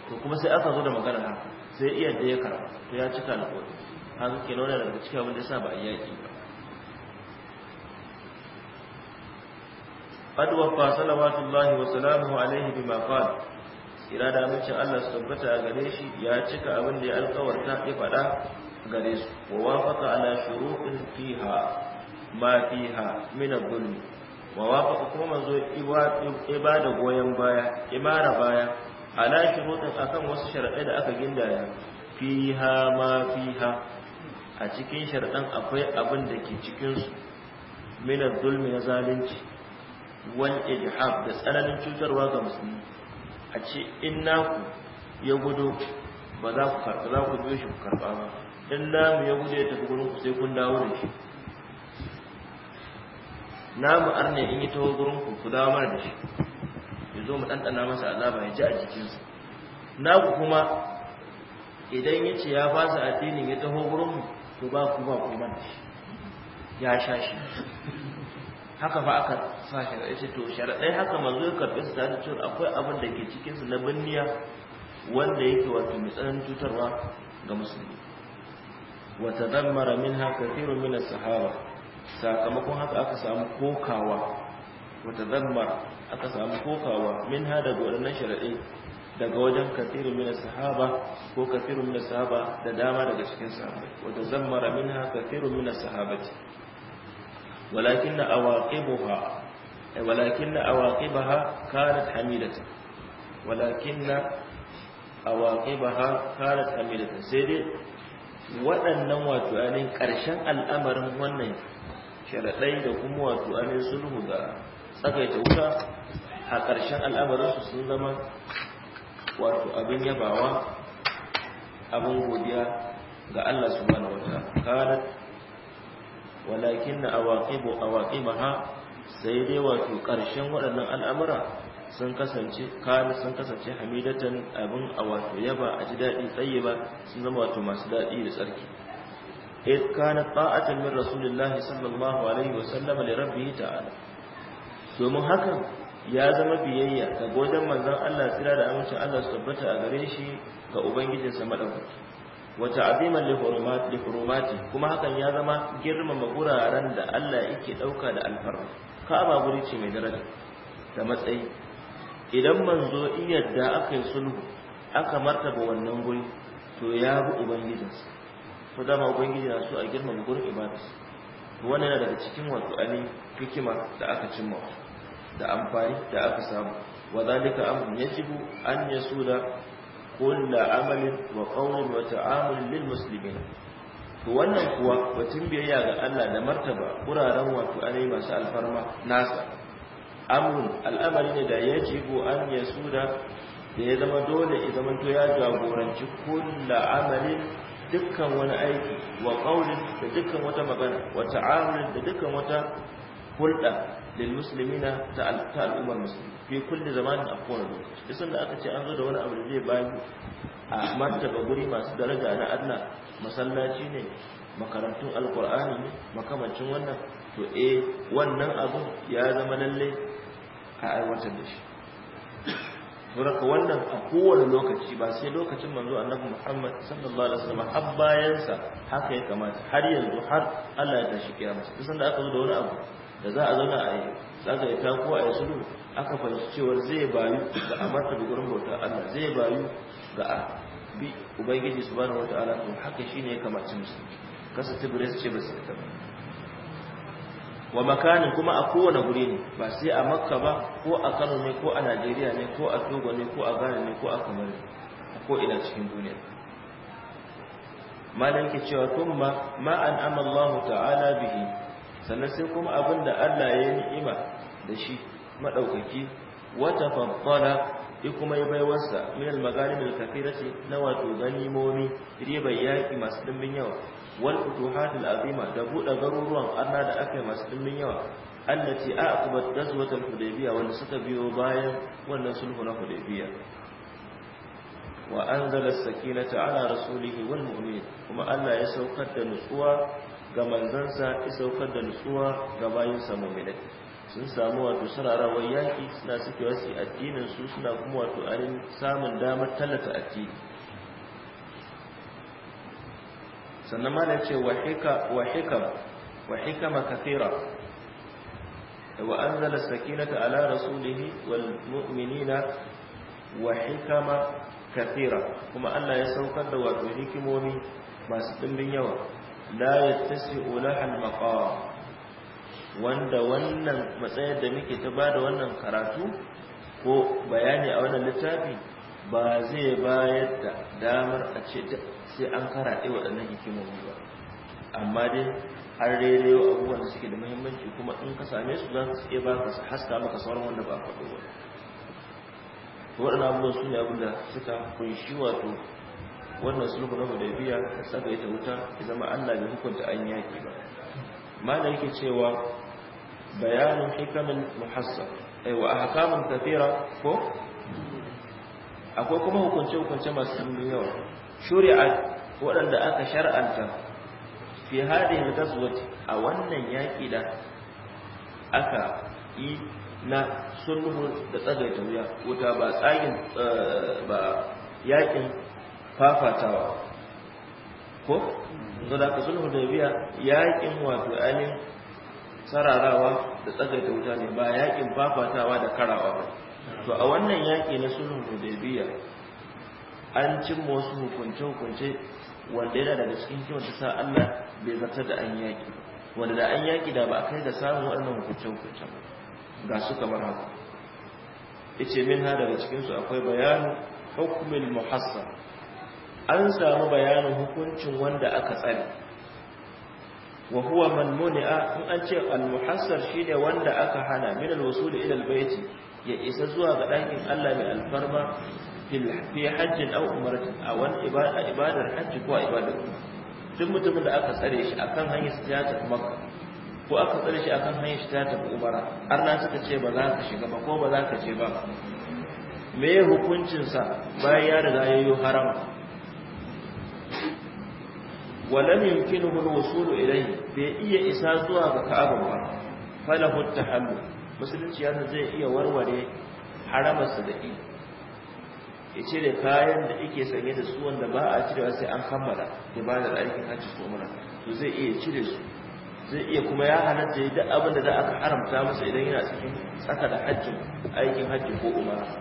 to kuma sai aka zo da magana haka, sai iya da ya karba to ya cika na kodi haka ke nuna daga cikin abin da ya sa ba a yaƙi ba قد وفى صلوات wa وسلامه alaihi bima qala ira da amincin Allah su tabbata a gare shi ya cika abin da ya alƙawarta ya faɗa gare su wa wafaqa ala shuruqin fiha ma fiha min al-dhulm wa wafaqa kuma manzo ibada goyen baya imara baya ala a akan wasu sharaɗai da aka gindaya fiha ma fiha a cikin sharaɗan akwai abin da ke cikinsu minar zulmi na zalunci wal ijhab da tsananin cutarwa ga musulmi a ce in naku ya gudu ba za ku karɓa za ku biyo shi ku karɓa ba in namu ya gudu ya tafi gurin ku sai kun dawo da shi namu arne in yi taho gurin ku ku dawo mara da shi ya zo mu ɗanɗana masa azaba ya ji a jikinsa naku kuma idan ya ce ya fasa addinin ya taho gurinmu to ba ku ba ku mana ya sha shi haka fa aka sa shi da ce to sharaɗai haka manzo ya karɓi su tare cewa akwai abin da ke cikinsu na binniya wanda yake wato mai tsananin cutarwa ga musulmi wa tadammara min haka min as sahara sakamakon haka aka samu kokawa wata tadammara aka samu kokawa min hada waɗannan sharaɗi daga wajen kafiru min sahaba ko kafiru min sahaba da dama daga cikin sahaba. wata zammara minha kafiru min sahabati walakin na awaqibuha ولكن أواقبها كانت حميدة ولكن karat hamidata sai dai waɗannan wato ainihin ƙarshen al'amarin wannan sharaɗai da kuma wato ainihin sulhu da ita wuta a ƙarshen al'amarinsu sun zama wato abin yabawa abin godiya ga Allah subhanahu wa ta'ala qalat walakin awaqibu awaqibaha sai dai wato ƙarshen waɗannan al'amura sun kasance kana sun kasance hamidatan abin a wato yaba a ji daɗi tsaye ba sun zama wato masu daɗi da tsarki إذ كانت طاعة من رسول الله صلى الله عليه وسلم لربه تعالى domin hakan ya zama biyayya ga wajen manzan Allah tsira da amincin Allah su tabbata a gare shi ga ubangijinsa madaukaki wata ta'ziman li kuma hakan ya zama girmama guraren da Allah yake ɗauka da alfarma Ka'aba guri ce mai daraja da matsayi idan manzo iyadda aka yi sulhu aka martaba wannan guri to ya bi ubangijinsa ko dama ubangiji na so a girmama gurin ibadarsa wannan yana daga cikin wato ali hikima da aka cimma da amfani da aka samu wa zalika amru yajibu an yasuda kullu amalin wa qawlin wa ta'amulin lil muslimin to wannan kuwa batun biyayya ga Allah da martaba wuraren wato anai masu alfarma nasa amrun al'amari ne da yajibu an yasuda da ya zama dole ya zama to ya jagoranci kullu amalin dukkan wani aiki wa qawlin da dukkan wata magana wa ta'amulin da dukkan wata hulɗa للمسلمين ta al'ummar musulmi في كل zamanin a kowane lokaci duk sanda aka ce an zo da wani abu da zai bayu a martaba guri masu daraja na Allah masallaci ne makarantun alkur'ani ne makamancin wannan to eh wannan abu ya zama lalle a aiwatar da shi saboda wannan a kowane lokaci ba sai lokacin manzo annabi Muhammad sallallahu alaihi wasallam har bayansa haka ya kamata har yanzu har Allah ya tashi kiyama aka zo da wani abu da za a zana a yi zaka yi ko a yi sulhu aka fahimci cewar zai bayu ga amarta da gurin bautar Allah zai bayu ga a bi ubangiji wata ala to haka ne kama cin su kasa su ce ba su ba wa makanin kuma a kowane guri ne ba sai a makka ba ko a kano ne ko a najeriya ne ko a togo ne ko a ghana ne ko a kamar ko ina cikin duniya malam ke cewa kuma ma an amallahu ta'ala bihi sannan sai kuma abin da Allah ya ni'ima da shi madaukaki wa tafaddala ya kuma yi baiwarsa min al-maghanim al ce, na wato gani momi, ribar yaki masu dimbin yawa wal futuhat al-azima da buɗe garuruwan Allah da aka yi masu dimbin yawa allati aqabat ghazwat al-hudaybiyah wanda suka biyo bayan wannan sulhu na hudaybiyah wa anzala as-sakinata ala rasulihi wal mu'minin kuma Allah ya saukar da nutsuwa ga manzansa isaukar da nutsuwa ga bayinsa mu'minai sun samu wato wa yaki suna suke wasu addinin su suna kuma wato arin samun damar tallata addini sannan ma da ce wa hikama kafira wa an zala sakinata ala rasulihi wal mu'minina
wa hikama kafira kuma Allah ya saukar da wato hikimomi
masu ɗimbin yawa la yattasi'u laha al-maqam wanda wannan matsayar da muke ta bada wannan karatu ko bayani a wannan littafi ba zai bayar da damar a ce sai an karaɗe waɗannan hikimomi ba amma dai an rerewa abubuwan da suke da muhimmanci kuma in ka same su za su iya ba ka haska maka sauran wanda ba faɗo ba waɗannan abubuwan su ne abin da suka kunshi wato wannan sulhu na hudaybiya saka ita wuta ya zama Allah bai hukunta an yaki ba mana yake cewa bayanin hikamin muhassab ay eh, wa ahkamun kathira ko akwai kuma hukunce hukunce masu dimbin yawa shari'a waɗanda aka shar'anta fi hadi mutazwati a wannan yaki da aka yi na sulhu da tsagaita wuya wuta ba tsagin eh, ba yakin fafatawa ko zo da kasul hudaybiya yaƙin wato ainihin
sararawa da tsagaita wuta ne ba yaƙin fafatawa da karawa ba
to a wannan yaƙi na sulhun hudaybiya an cimma wasu hukunce-hukunce wanda yana daga cikin kima ta sa Allah bai zartar da an yaƙi wanda da an yaƙi da ba a kai da samun wannan hukunce hukunce ga su kamar haka ice min ha daga cikinsu akwai bayanin hukumin muhassan. an samu bayanin hukuncin wanda aka tsare
wa huwa man muni'a in an ce al-muhassar shine wanda aka hana min al-wusul ila al-bayt
ya isa zuwa ga dakin Allah mai alfarma fi hajjin aw umrati a wani ibadar hajji ko ibadar duk mutumin da aka tsare shi akan hanyar siyasa makka ko aka tsare shi akan hanyar siyasa umara Allah suka ce ba za ka shiga ba ko ba za ka je ba me hukuncinsa bayan ya riga yayi harama ولم يمكنه الوصول إليه بإي إساسها بكعب الله فله التحمل musulunci yana zai iya warware haramarsa da iya ya cire kayan da ike sanye da su wanda ba a cirewa sai an kammala da ba da aikin hajji su umara to zai iya cire su zai iya kuma ya halatta ya duk abin da za aka haramta masa idan yana cikin tsaka da hajjin aikin hajji ko umara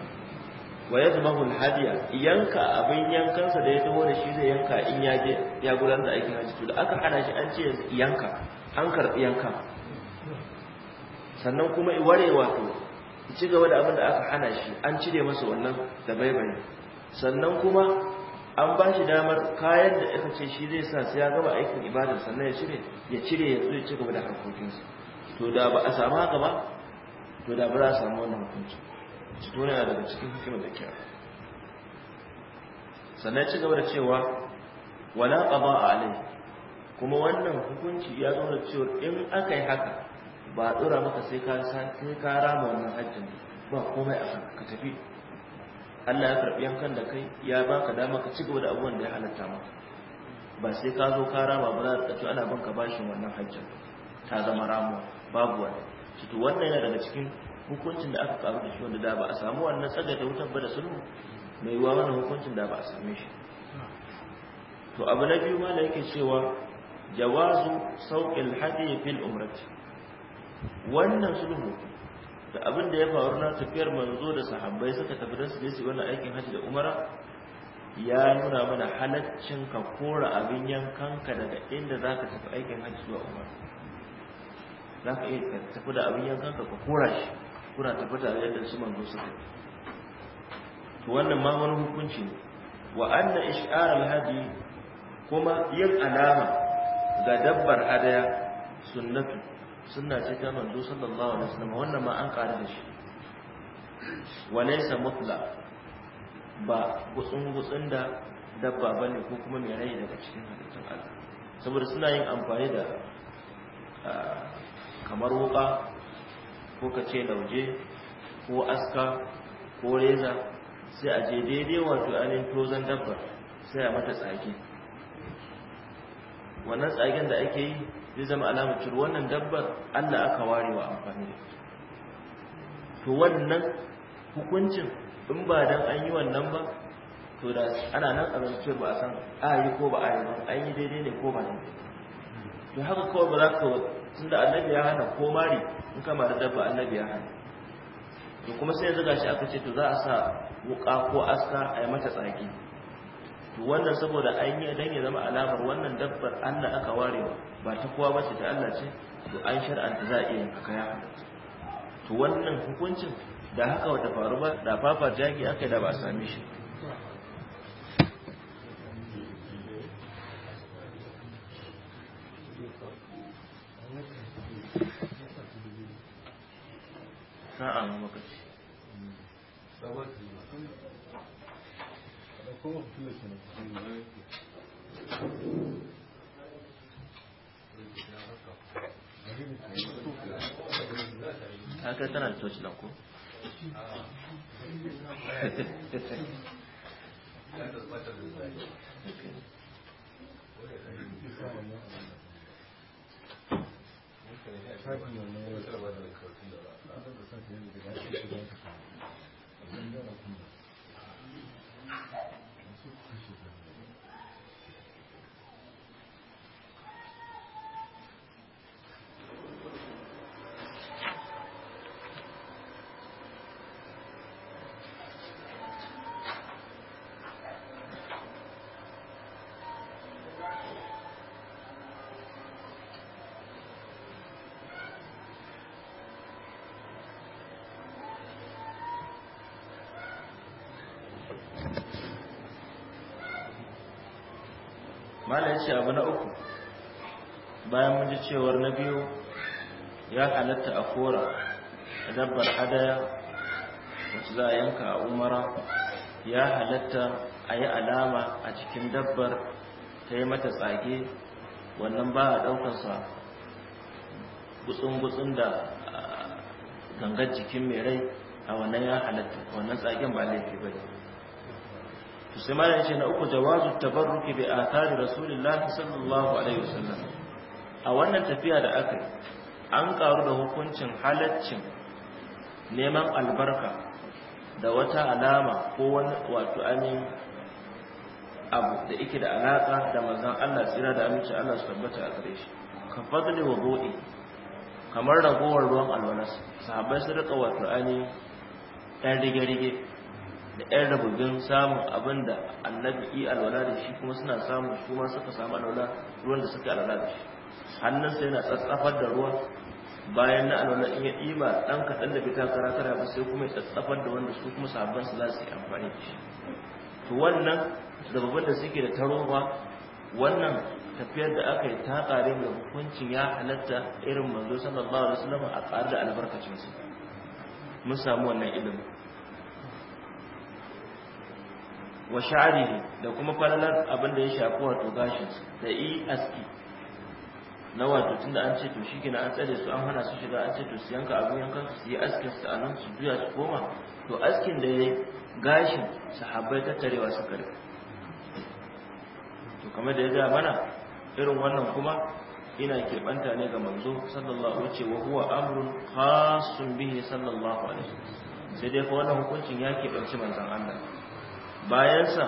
wa yadmahu hadiya, yanka abin yankansa da ya taho da shi zai yanka in ya je ya gudanar da aikin hajji to da aka hana shi an ce yanka an yanka sannan kuma i ware wato ci gaba da abin da aka hana shi an cire masa wannan da baibaye sannan kuma an ba shi damar kayan da aka ce shi zai sa sai ya gaba aikin ibadar sannan ya cire ya cire ya ya ci gaba da harkokinsa to da ba a samu haka ba to da ba za a samu wannan hukunci dole na daga cikin hikimar da kyau. sannan ci gaba da cewa wala qada alai kuma wannan hukunci ya zo da cewa in aka yi haka ba dora maka sai ka kai ka rama wannan hajjin ba komai a ka tafi Allah ya karbi yankan da kai ya baka dama ka ci gaba da abubuwan da ya halatta maka ba sai ka zo ka rama ba za ka ana banka bashin wannan hajjin ta zama ramuwa babu wani to wannan yana daga cikin hukuncin da aka karu da shi wanda da ba a samu wannan tsaga da wutar bada da sulhu mai yiwuwa wannan hukuncin da ba a same shi to abu na biyu ma da yake cewa jawazu sauƙin hadi fil umrati wannan sulhu da abin da ya faru na tafiyar manzo da sahabbai suka tafi da su je wannan aikin haji da umara ya nuna mana halaccin ka kora abin yankanka daga inda za ka tafi aikin haji zuwa umara za ka iya tafi da abin yankanka ka kora shi kuna tabbata yadda su manzo suka to wannan ma wani hukunci ne wa anna ish'ar al-hadi kuma yin alama ga dabbar hadaya sunnatu sunna ce ta manzo sallallahu alaihi wasallam wannan ma an kare da shi wa laysa mutla ba gutsun gutsun da dabba bane ko kuma mai rai daga cikin halittun Allah saboda suna yin amfani da ah, kamar wuka ko ka ce lauje ko aska ko reza sai a je daidai wato ainihin tozon dabbar sai a mata tsage wannan tsagen da ake yi zai zama alamacin wannan dabbar Allah aka ware wa amfani da to wannan hukuncin in ba dan an yi wannan ba to da ana nan a zance ba a san a yi ko ba a yi ba an yi daidai ne ko ba ne to haka kawai ba za ka tunda annabi ya hana ko mari in kama da dabba annabi ya
hana to kuma sai zaga shi aka ce to za a sa wuka ko aska a yi mata tsaki
to wannan saboda an yi dan ya zama alamar wannan dabbar Allah aka ware ba ta kowa ba ce ta Allah ce to an shar'anta za a iya haka ya to wannan hukuncin da haka wata faru ba da fafa jagi aka yi da ba a same shi wannan
tana da toci ko 这边是吧？我们这个。
ce abu na uku bayan mun ji cewar na biyu ya halatta a kora a dabbar hadaya wacce za a yanka a umara ya halatta a yi alama a cikin dabbar ta yi mata tsage wannan ba a ɗaukarsa gutsun-gutsun da ah, gangar jikin mai rai a wannan ya halatta wannan tsagen ba laifi ba ne to sai malam yace na uku jawazu tabarruki bi athari rasulillah sallallahu alaihi wasallam a wannan tafiya da aka an karu da hukuncin halaccin neman albarka da wata alama ko wani wato amin abu da yake da alaka da manzon Allah tsira da aminci Allah su tabbata a gare shi ka fadli wa bu'i kamar ragowar ruwan alwalas sahabbai su rika wato ani dan rige-rige da ɗan rababin samun abin da annabi yi alwala da shi kuma suna samun su ma suka samu alwala ruwan da suka alwala da shi hannunsa yana tsatsafar da ruwa bayan na alwala in ya ɗiba ɗan kaɗan da fita kara kara ba sai kuma ya tsatsafar da wanda su kuma sabon su za su yi amfani da shi to wannan rababin da suke da ta wannan tafiyar da aka yi ta ƙare da hukuncin ya halatta irin manzo sallallahu alaihi wasallam a ƙare da albarkacinsa mun samu wannan ilimin wa sha'arihi da kuma falalar abin da ya shafi wato gashin da ESP na wato tunda an ce to shikenan an tsare su an hana su shiga an ce to su yanka abin yankan su yi askin su a nan su duya su koma to askin da ya gashin sahabbai tarewa su kare. to kamar da ya gaya mana irin wannan kuma ina kirbanta ne ga manzo sallallahu alaihi wa huwa amrun khasun bihi sallallahu alaihi sai dai ko wannan hukuncin ya keɓanci manzon Allah bayansa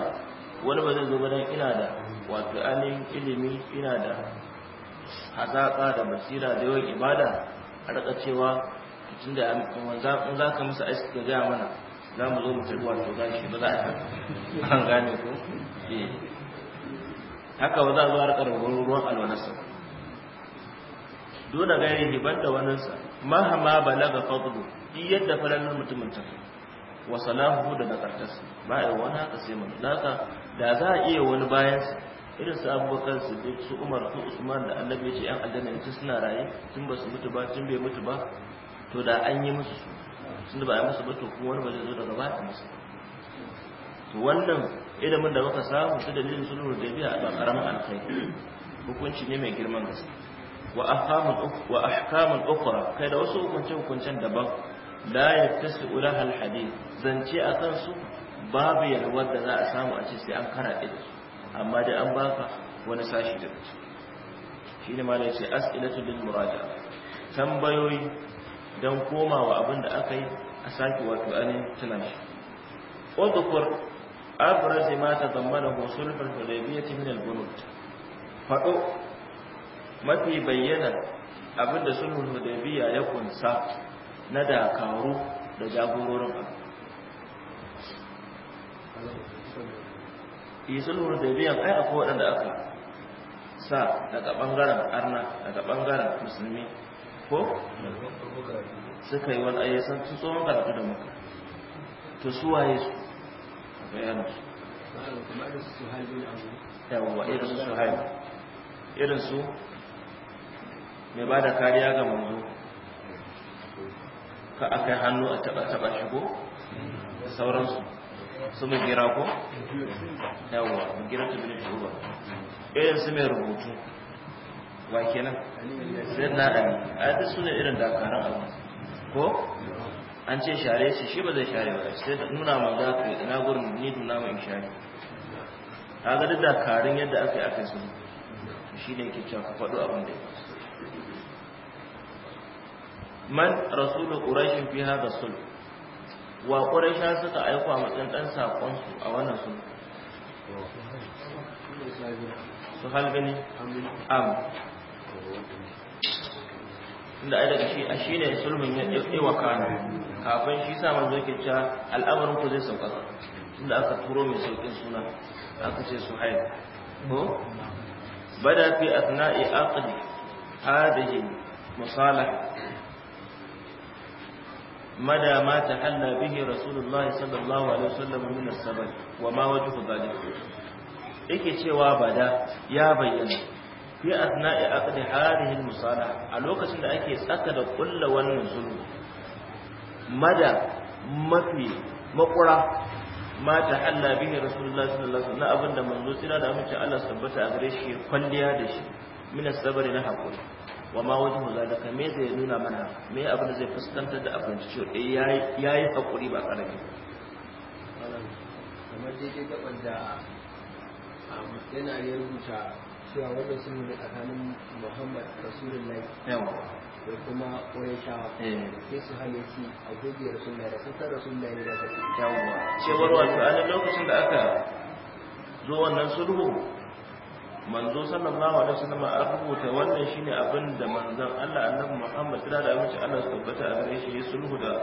wani ba zai zo ba dan ina da wato ainihin ilimi ina da hazaƙa da basira da yawan ibada a raka cewa tun da in za ka musu aiki ka gaya mana za mu zo mu tarbi wato shi ba za a yi an gane ko eh. haka ba za a zo a rika ruwan ruwan alwalarsa dole gairi hibar da waninsa mahama balaga fadlu yadda falalin mutumin tafi wa salahu da nagartarsa ba ya wani haka sai mai da za a iya wani bayansa irin su abubakar su duk su umar su usman da annabi ce yan aljanna ne suna raye tun ba su mutu ba tun bai mutu ba to da an yi musu su da ba a yi musu ba to kuma wani ba zai zo daga baya musu to wannan ilimin da muka samu su dalilin da biya, a karamin alkai hukunci ne mai girman gaske wa ahkamul ukhra kai da wasu hukunce hukuncen daban la yattasu laha alhadith zance kan su babu yalwar da za a samu a ce sai an karade da su amma dai an baka wani sashi da su shine malai sai as'ilatu lil muraja tambayoyi dan komawa abin da aka yi a sake wato anin tunan shi udhkur abraz ma tadammanahu sulh al-hudaybiyyah min al-bunud fado mafi bayyana abin da sulh al ya kunsa na dakaru da jagororin yi sulhur da biyan ai akwai waɗanda aka sa daga ɓangaren arna daga ɓangaren musulmi ko suka yi wani ayyasa su tsohon karatu da muka to su waye su a bayanin su
irin su su haibu
irin su mai ba da kariya ga manzo ka aka yi hannu a taba taba shigo da sauransu su mai gira ko yawon mu gira ta bin ba. irin su mai rubutu wa kenan
sai na ali a yadda
su ne irin dakarun abu ko an ce share shi shi ba zai share ba sai da nuna ma za ka ina gurin ni nuna ma in share a ga duk dakarun yadda aka yi aka yi su shi ne ke cewa ka faɗo abin da ya man rasulu quraish fi hadha sul wa quraish suka aiko a matsayin dan sakon su a wannan sulh su gani, am tunda ai daga shi a shi ne sulhun ya ɗauke wa kana kafin shi sa manzo ke cewa al'amarin ku zai sauka tunda aka turo mai saukin suna aka ce su haif ko bada fi asna'i aqli hadhihi masalah مدى ما تحلى به رسول الله صلى الله عليه وسلم من السبب وما وجه ذلك yake cewa bada ya bayyana fi asna'i aqdi hadhihi al-musalaha a lokacin da ake tsaka da kullu wannan sulhu mada mafi makura ma ta halla bihi rasulullahi sallallahu alaihi wasallam abinda manzo tsira da amince Allah tabbata a gare shi kwalliya da shi min sabari na hakuri wa ma wajhu ka me zai nuna mana me abin da zai fuskantar da abin da cewa eh yayi hakuri ba karami
kamar dai dai gaban
da um, yana ya rubuta cewa wannan sun yi ne tsakanin Muhammad Rasulullahi yawa da kuma wani Qurayshawa eh. sai su hane shi a gobe Rasulullahi da sun Rasulullahi ne da ta
yawa cewar wato a lokacin da aka zo wannan sulhu
manzo sallallahu alaihi wasallam a rubuta wannan shine abin da manzon Allah annabi Muhammad sallallahu alaihi wasallam Allah su tabbata a gare shi sulhu da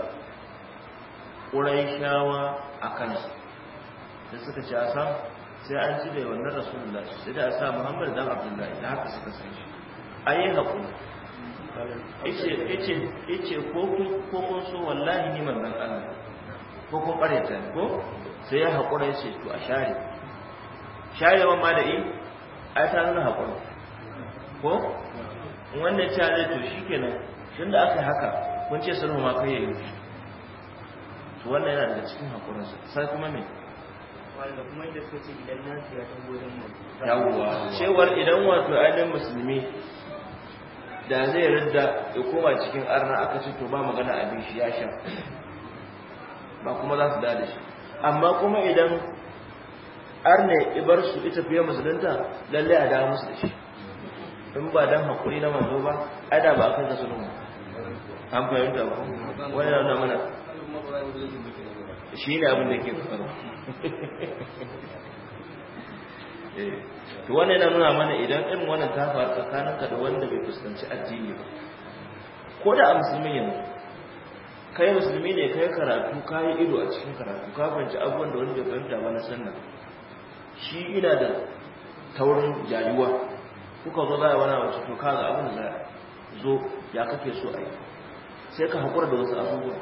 Quraishawa a su da suka ci asan sai an ci da wannan Rasulullah sai da asa Muhammad dan Abdullahi da haka suka san shi ayi hakuri yace yace yace ko ko ko so wallahi ni manzon Allah ko ko bare ta ko sai ya hakura yace to a share sharewa ma da yi. ai ta nuna haƙuri ko wanda ta zai to shi nan, tun da aka haka kun ce sulhu ma kai yayi to wannan yana daga cikin sa sai kuma me wanda kuma yadda
suka ce idan na ya tafi wajen cewar idan wato ainihin
musulmi da zai rinda ya koma cikin arna aka ce to ba magana abin shi ya sha ba kuma za su da shi amma kuma idan arne ibar su ita fiye musulunta lalle a dama su da shi in ba don haƙuri na manzo ba a da ba akan kasu nuna
an fahimta ba wani na mana shi ne abin da ke faru
eh, to wani yana nuna mana idan irin wani ta faru tsakaninka da wanda bai fuskanci addini ba ko da a musulmi ne, kai musulmi ne kai karatu ka yi ido a cikin karatu ka fahimci abubuwan da wani bai fahimta ba na sannan shi ina da taurin jayuwa kuka zo zai wani wasu to kaga abin da zo ya kake so a yi sai ka haƙura da wasu abubuwa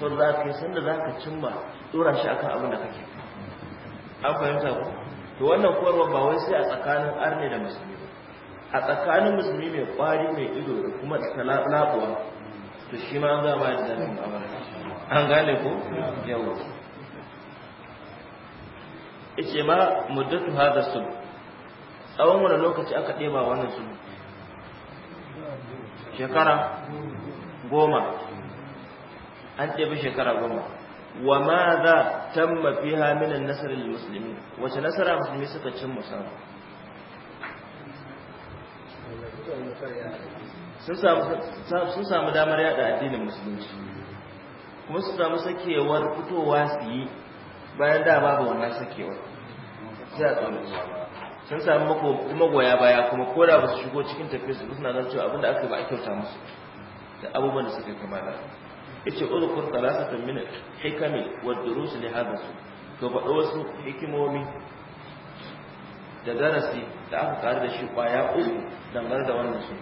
sau da za ka yi sanda za ka cimma tsora shi akan abin da kake an fahimta ku to wannan koyarwa ba wai sai a tsakanin arne da musulmi a tsakanin musulmi mai kwari mai ido da kuma labuwa to shi ma za ba da ba an gane ko yawon yace ma muddatu hada sub tsawon wani lokaci aka ɗeba wannan sub
shekara
goma an ɗebi shekara goma wa ma za tamma fiha min an-nasr lil-muslimin wace nasara musulmi suka cin musamman sun samu damar yada addinin musulunci kuma su samu sakewar fitowa su yi bayan da babu wannan sakewa sai a tsoro sun sami magoya baya kuma ko da ba shigo cikin tafiya su suna zan cewa abinda aka ba a kyauta musu da abubuwan da suka kama da kun uzkur ta min hikami wa ne haɗa su to faɗo wasu hikimomi da darasi da aka kare da shi kwaya uku dangane da wannan su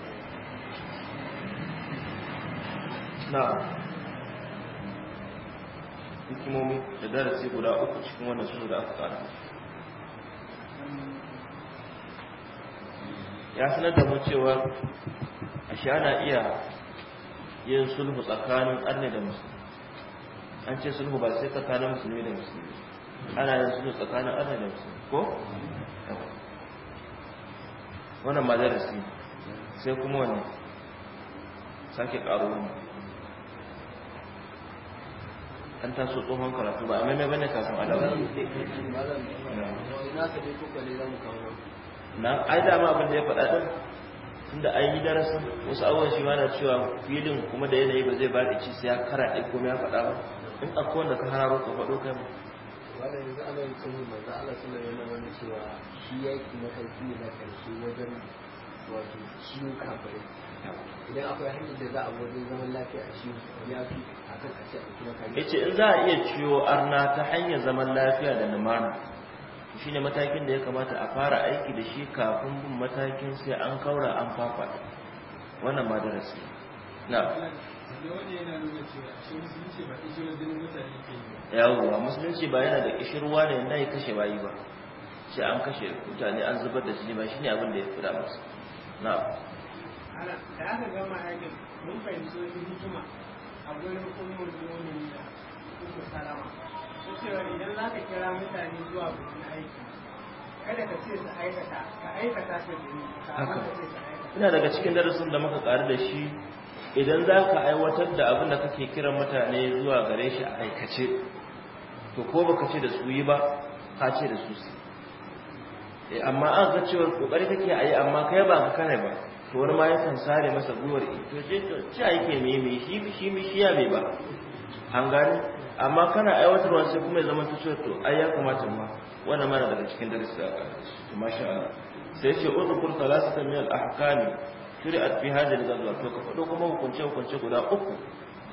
na'am hikimomi da darasi guda uku cikin wannan sunu da aka kara ya sanar da mu cewa sha na iya yin sulhu tsakanin arne da musulmi an ce sulhu ba sai tsakanin musulmi da musulmi ana yin sulhu tsakanin arne da musulmi ko wannan ma darasi sai kuma wani sake ƙaro an taso tsohon karatu ba a mai bane kafin a dawo
na ai dama abin da ya faɗa ɗin
tunda an yi darasin wasu abubuwan shi ma na cewa filin kuma da yanayi ba zai ba da ci sai ya kara ɗin kuma ya faɗa ba in akwai wanda ka hararo ka faɗo kai
ba wanda yanzu ana yin tsohon manzo Allah sallallahu alaihi wasallam cewa shi yaki na farki na karshe wajen wato ciwo kafin idan akwai hanyar da za a wajen zaman lafiya a ciwo ya fi a kan a ce a kuma kare ya ce in za a iya ciwo arna ta hanyar zaman lafiya da
lumana shi ne matakin da ya kamata a fara aiki da shi kafin bin matakin sai an kaura an fafa wannan ma darasi na
yawwa musulunci ba yana da kishirwa ne na yi
kashe bayi ba sai an kashe mutane an zubar da shi ba shi ne abin da ya fi da musu na'am
ana da aka gama aikin mun fahimci wani hikima a gurin umar domin da kuma salama ta cewa idan za ka kira mutane zuwa gurin aiki kada ka ce su aikata ka aikata su gani ina daga cikin darasin da muka karu da shi
idan za ka aiwatar da abin da kake kiran mutane zuwa gare shi a aikace to ko baka ce da su yi ba ka ce da su su eh, amma an ga cewa kokari kake a yi amma kai ba ka kare ba to wani ma yakan sare masa gwiwar to je to ci yake me me shi shi ya shiya ba an gane amma kana aiwatarwa sai kuma ya zama ta ce to ai ya kamata ma wannan mana daga cikin darasi da aka to masha Allah sai ce udkur thalathatan min al-ahkami shuri'at fi hadhihi al-ghazwa to ka fado kuma hukunce hukunce guda uku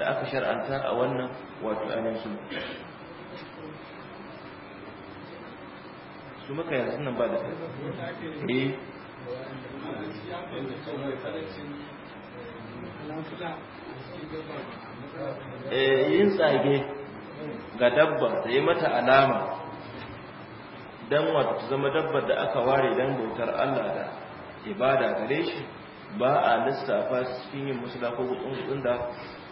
da aka shar'anta a wannan wato ainihin
su su maka yanzu nan ba da eh Eh, yin tsage ga dabba da yi mata alama
don wata zama dabbar da aka ware don bautar Allah da ibada gare shi ba a lissafa cikin yin musula ko gutsun da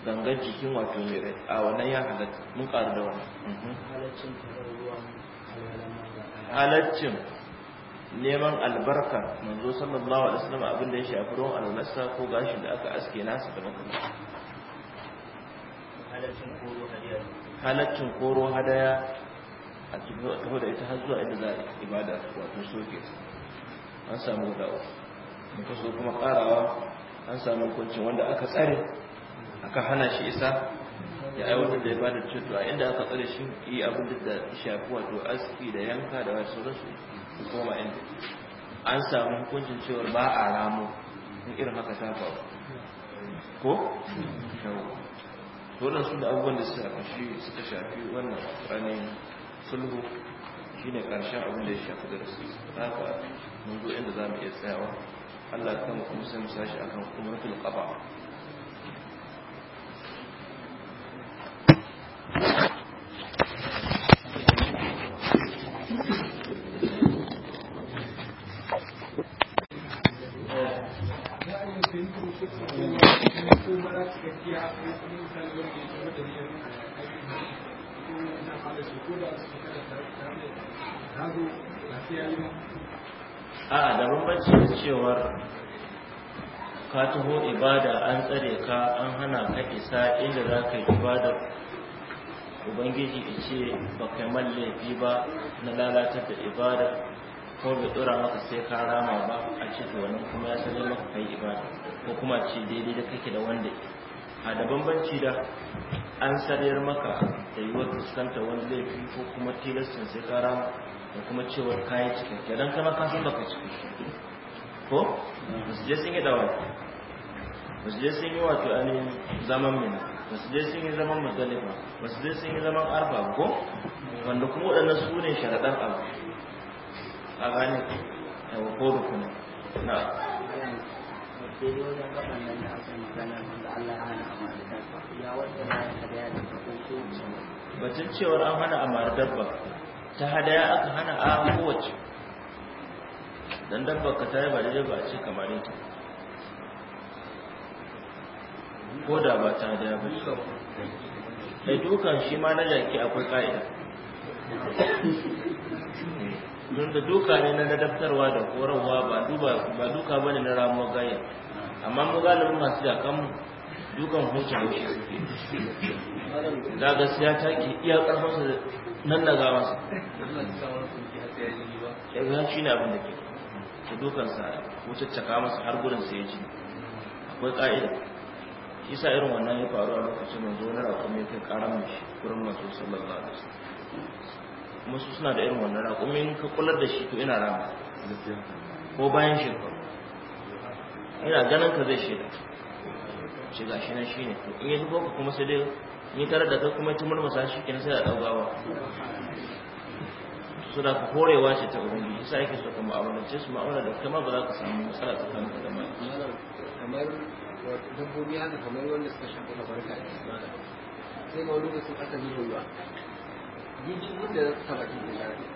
gangan jikin wato mai rai a wannan ya halatta mun karu da wani
halaccin
neman albarka manzo sallallahu alaihi wasallam abin da ya shafi ruwan alwalasa ko gashin da aka aske nasa da makamanci halaccin koro hadaya a tafi da ita har zuwa inda za a ibada wato soke an samu da uku so kuma karawa an samu hukuncin wanda aka tsare aka hana shi isa ya aiwatar da ibadar cutu a inda aka tsare shi yi abin da shafi wato aski da yanka da wasu rasu koma inda an samu hukuncin cewa ba a ramu in irin haka ta faru ko da su da abubuwan da suka kashi ta shafi wannan ranar sulhu shine karshen abin da ya shafi da rasu haka mun mungu inda za mu iya tsayawa Allah kan kuma sai mu sashi akan umratul kafa a da bambanci cewar ka taho ibada an tsare ka an hana ka isa inda za ka yi ibada. ubangiji ya ce ba kai bi ba na lalatar da ibada. ko bai tsura maka sai ka rama ba a cikin wani kuma ya sanar maka kai ibada ko kuma ce daidai da kake da wanda a da bambanci da an sarayar maka da yiwuwar fuskantar wani laifi ko kuma tilastin sai ka rama da kuma cewar kayi cikakke don kama kasan baka shi ko je sun yi dawa basu sun yi wato ainihin zaman mina basu sun yi zaman mazalifa basu sun yi zaman arba ko wanda kuma waɗannan su ne sharaɗar abu a gane yawa ko rukunin na batun cewar an hana amara dabba ta hadaya aka hana a kowace don dabbar ka ta yi ba daidai ba a ce kamar yi ko da ba ta hadaya ba ce mai dukan shi ma na jaki akwai ka'ida don da duka ne na nadaftarwa da korarwa ba duka ba ne na ramuwar gayar amma mu galibin masu jakan
dukan hutu ne za gaskiya ta ke iya
ƙarfarsa nan da za masa
ya shi ne abin da
ke ta dokansa wucaccaka masa har gudun sai ya ji akwai ƙa'ida shi sa irin wannan ya faru a lokacin zo na raƙumi ya kai ƙara mai shi kurin masu sallallahu alaihi wasallam kuma suna da irin wannan raƙumin ka kular da shi to ina rama ko bayan shekaru ina ganin ka zai shaida shiga shi na shi ne in ya zubo ka kuma sai dai ni tare da kai kuma ta murmusa shi kenan sai a daugawa su da ku horewa ce ta ubangi yasa yake so ka mu'amalance su mu'amala da kama ba za ka samu matsala ta kan da mai
kamar dabbobi haka kamar wanda suka shafi albarka a cikin sai ma wani
lokacin aka zuba ruwa jirgin wanda ya saba cikin shari'a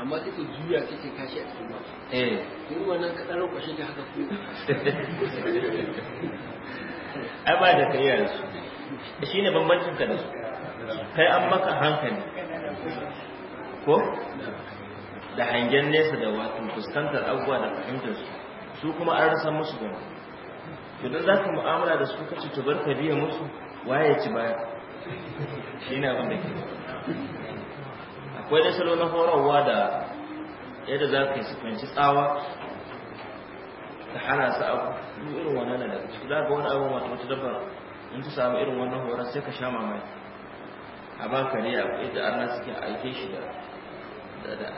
amma take juya take kashi a cikin wata. Eh. Yin wannan kaɗan rukwashe ta haka ku. Ai ba da kai yanzu. da shine bambancin ka da su kai an maka hankali ko da hangen nesa da wato fuskantar abubuwa da fahimtar su su kuma an rasa musu gani to za ka mu'amala da su ci tubar ka biya musu waye ci baya ne abin da ke akwai da salo na horarwa da yadda za ka yi su fahimci tsawa ta hana su abu duk irin wannan da za ka wani abu wata dabbar in ka samu irin wannan horon sai ka sha mamaki a ba ka riya ko da arna suke aike shi da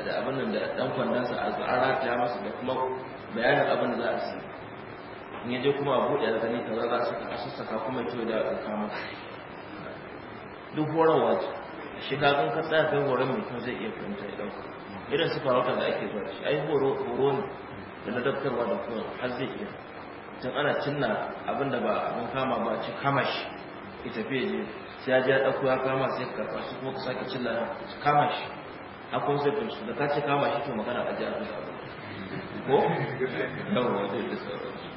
da abin nan da ɗan kwandonsa a an rataya masa da kuma bayanin abin da za a yi. in yaje kuma a buɗe da gani kaza za su a sassaka kuma kyau da a kama duk horarwa ce shiga kan ka tsaya kai horon mai kyau zai iya fahimta idan irin su wata da ake zuwa shi ai horo horo ne da na daftarwa da kuma har zai iya tun ana cinna abinda ba abin kama ba ci kama shi ki tafiye ne sai ya ji ya ɗauko ya kama sai ka karɓa shi kuma ka sake cinna ci kama shi a konseptin su da ta ce kama shi ke magana a jihar ko yawon da ya sauransu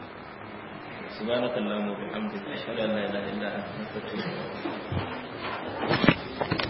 سبحانك اللهم وبحمدك أشهد أن لا